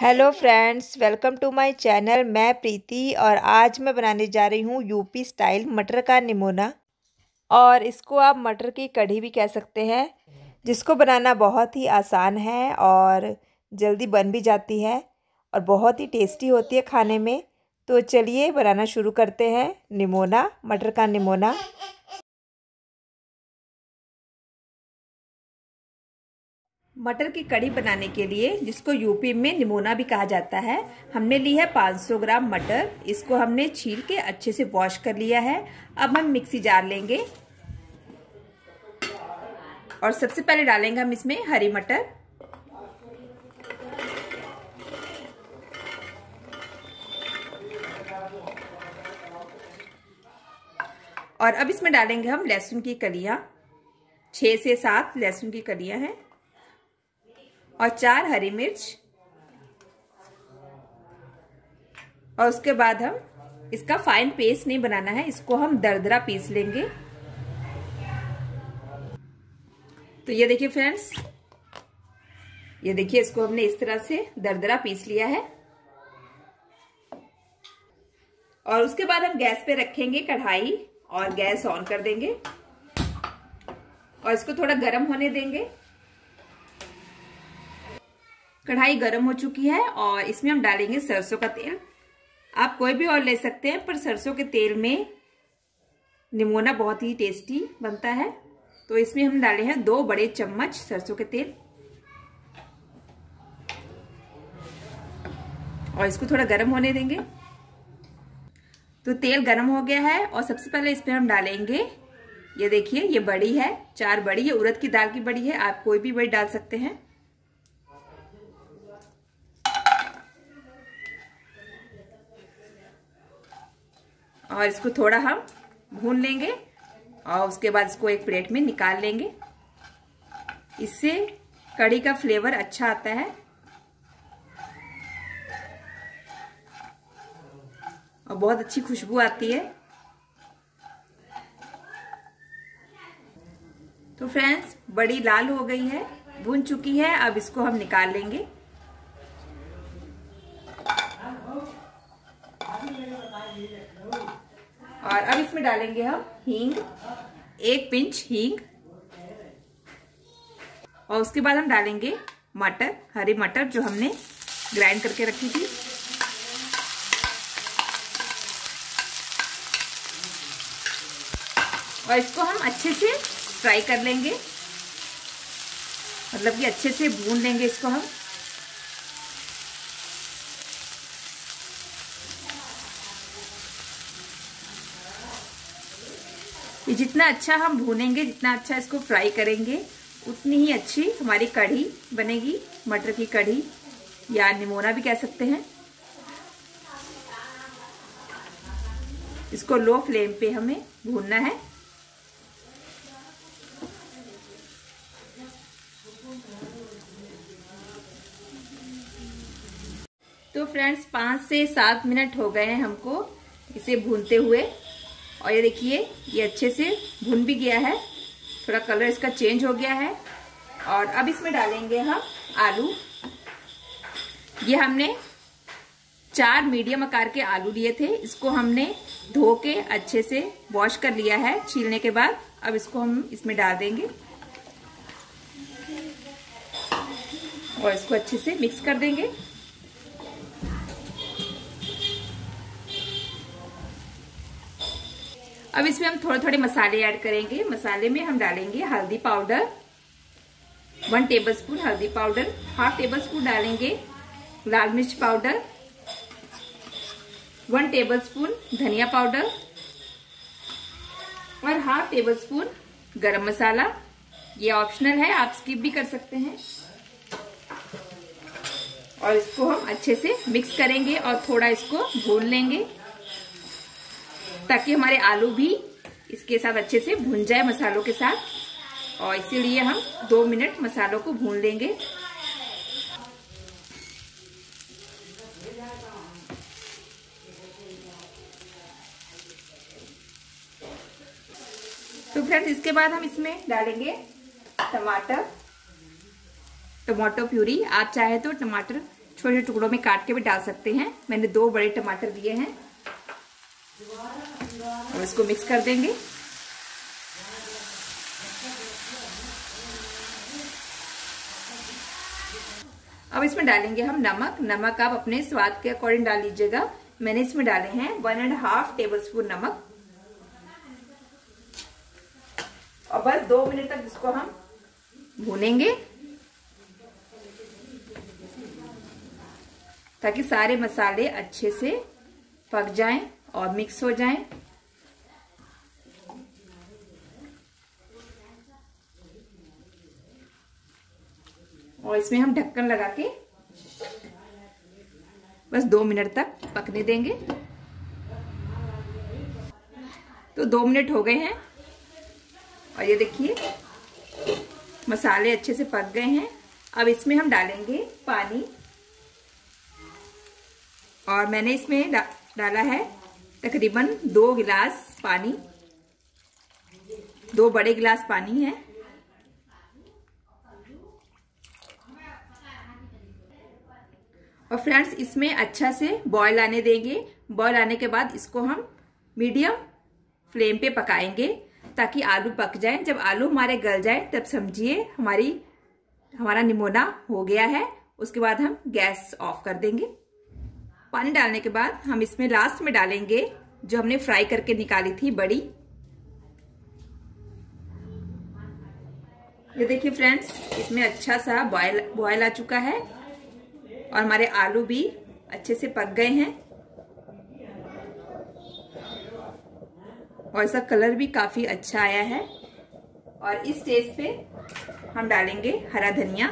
hello friends welcome to my channel मैं प्रीति और आज मैं बनाने जा रही हूँ यूपी स्टाइल मटर का निमोना और इसको आप मटर की कढ़ी भी कह सकते हैं जिसको बनाना बहुत ही आसान है और जल्दी बन भी जाती है और बहुत ही टेस्टी होती है खाने में तो चलिए बनाना शुरू करते हैं निमोना मटर का निमोना मटर की कड़ी बनाने के लिए जिसको यूपी में निमोना भी कहा जाता है हमने ली है 500 ग्राम मटर इसको हमने छील के अच्छे से वॉश कर लिया है अब हम मिक्सी जार लेंगे और सबसे पहले डालेंगे हम इसमें हरी मटर और अब इसमें डालेंगे हम लहसुन की कलियां छह से सात लहसुन की कलियां हैं और चार हरी मिर्च और उसके बाद हम इसका फाइन पेस्ट नहीं बनाना है इसको हम दरदरा पीस लेंगे तो ये देखिए फ्रेंड्स ये देखिए इसको हमने इस तरह से दरदरा पीस लिया है और उसके बाद हम गैस पे रखेंगे कढ़ाई और गैस ऑन कर देंगे और इसको थोड़ा गर्म होने देंगे कढ़ाई गर्म हो चुकी है और इसमें हम डालेंगे सरसों का तेल आप कोई भी और ले सकते हैं पर सरसों के तेल में निमोना बहुत ही टेस्टी बनता है तो इसमें हम डाले हैं दो बड़े चम्मच सरसों के तेल और इसको थोड़ा गर्म होने देंगे तो तेल गर्म हो गया है और सबसे पहले इस पर हम डालेंगे ये देखिए ये बड़ी है चार बड़ी ये उड़द की दाल की बड़ी है आप कोई भी बड़ी डाल सकते हैं और इसको थोड़ा हम भून लेंगे और उसके बाद इसको एक प्लेट में निकाल लेंगे इससे कड़ी का फ्लेवर अच्छा आता है और बहुत अच्छी खुशबू आती है तो फ्रेंड्स बड़ी लाल हो गई है भून चुकी है अब इसको हम निकाल लेंगे बाद अब इसमें डालेंगे हम हींग एक पिंच हींग और उसके बाद हम डालेंगे मटर हरी मटर जो हमने ग्राइंड करके रखी थी और इसको हम अच्छे से फ्राई कर लेंगे मतलब कि अच्छे से भून लेंगे इसको हम ये जितना अच्छा हम भूनेंगे जितना अच्छा इसको फ्राई करेंगे उतनी ही अच्छी हमारी कढ़ी बनेगी मटर की कढ़ी या निमोना भी कह सकते हैं इसको लो फ्लेम पे हमें भूनना है तो फ्रेंड्स पाँच से सात मिनट हो गए हैं हमको इसे भूनते हुए और ये देखिए ये अच्छे से भुन भी गया है थोड़ा कलर इसका चेंज हो गया है और अब इसमें डालेंगे हम आलू ये हमने चार मीडियम आकार के आलू लिए थे इसको हमने धो के अच्छे से वॉश कर लिया है छीलने के बाद अब इसको हम इसमें डाल देंगे और इसको अच्छे से मिक्स कर देंगे अब इसमें हम थोड़े थोड़े मसाले ऐड करेंगे मसाले में हम डालेंगे हल्दी पाउडर वन टेबलस्पून हल्दी पाउडर हाफ टेबल स्पून डालेंगे लाल मिर्च पाउडर वन टेबलस्पून धनिया पाउडर और हाफ टेबल स्पून गरम मसाला ये ऑप्शनल है आप स्किप भी कर सकते हैं और इसको हम अच्छे से मिक्स करेंगे और थोड़ा इसको भून लेंगे ताकि हमारे आलू भी इसके साथ अच्छे से भून जाए मसालों के साथ और इसीलिए हम दो मिनट मसालों को भून लेंगे तो फ्रेंड्स इसके बाद हम इसमें डालेंगे टमाटर टमाटो प्यूरी आप चाहे तो टमाटर छोटे टुकड़ों में काट के भी डाल सकते हैं मैंने दो बड़े टमाटर दिए हैं हम इसको मिक्स कर देंगे अब इसमें डालेंगे हम नमक नमक आप अपने स्वाद के अकॉर्डिंग डाल लीजिएगा मैंने इसमें डाले हैं one and half tablespoon नमक और बस दो मिनट तक इसको हम भूनेंगे ताकि सारे मसाले अच्छे से पक जाएं और मिक्स हो जाएं और इसमें हम ढक्कन लगा के बस दो मिनट तक पकने देंगे तो दो मिनट हो गए हैं और ये देखिए मसाले अच्छे से पक गए हैं अब इसमें हम डालेंगे पानी और मैंने इसमें डा, डाला है तकरीबन दो गिलास पानी दो बड़े गिलास पानी है और फ्रेंड्स इसमें अच्छा से बॉयल आने देंगे बॉयल आने के बाद इसको हम मीडियम फ्लेम पे पकाएंगे ताकि आलू पक जाए जब आलू हमारे गल जाए तब समझिए हमारी हमारा निमोना हो गया है उसके बाद हम गैस ऑफ कर देंगे पानी डालने के बाद हम इसमें लास्ट में डालेंगे जो हमने फ्राई करके निकाली थी बड़ी ये देखिए फ्रेंड्स इसमें अच्छा सा बॉयल बॉयल आ चुका है और हमारे आलू भी अच्छे से पक गए हैं और इसका कलर भी काफ़ी अच्छा आया है और इस स्टेज पे हम डालेंगे हरा धनिया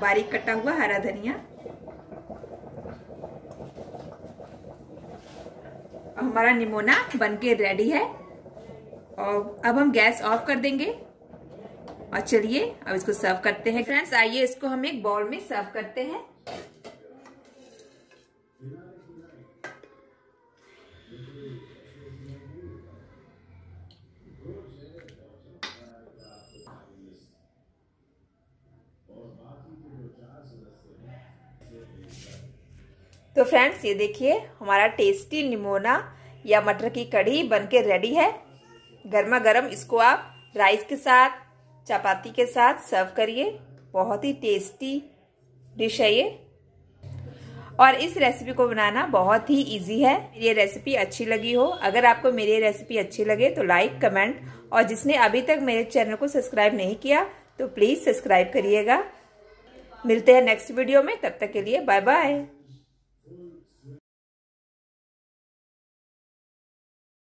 बारीक कटा हुआ हरा धनिया हमारा निमोना बनके रेडी है और अब हम गैस ऑफ कर देंगे और चलिए अब इसको सर्व करते हैं फ्रेंड्स आइए इसको हम एक बॉल में सर्व करते हैं तो फ्रेंड्स ये देखिए हमारा टेस्टी निमोना या मटर की कढ़ी बनके रेडी है गर्मा गर्म इसको आप राइस के साथ चपाती के साथ सर्व करिए बहुत ही टेस्टी डिश है ये और इस रेसिपी को बनाना बहुत ही इजी है ये रेसिपी अच्छी लगी हो अगर आपको मेरी रेसिपी अच्छी लगे तो लाइक कमेंट और जिसने अभी तक मेरे चैनल को सब्सक्राइब नहीं किया तो प्लीज़ सब्सक्राइब करिएगा मिलते हैं नेक्स्ट वीडियो में तब तक के लिए बाय बाय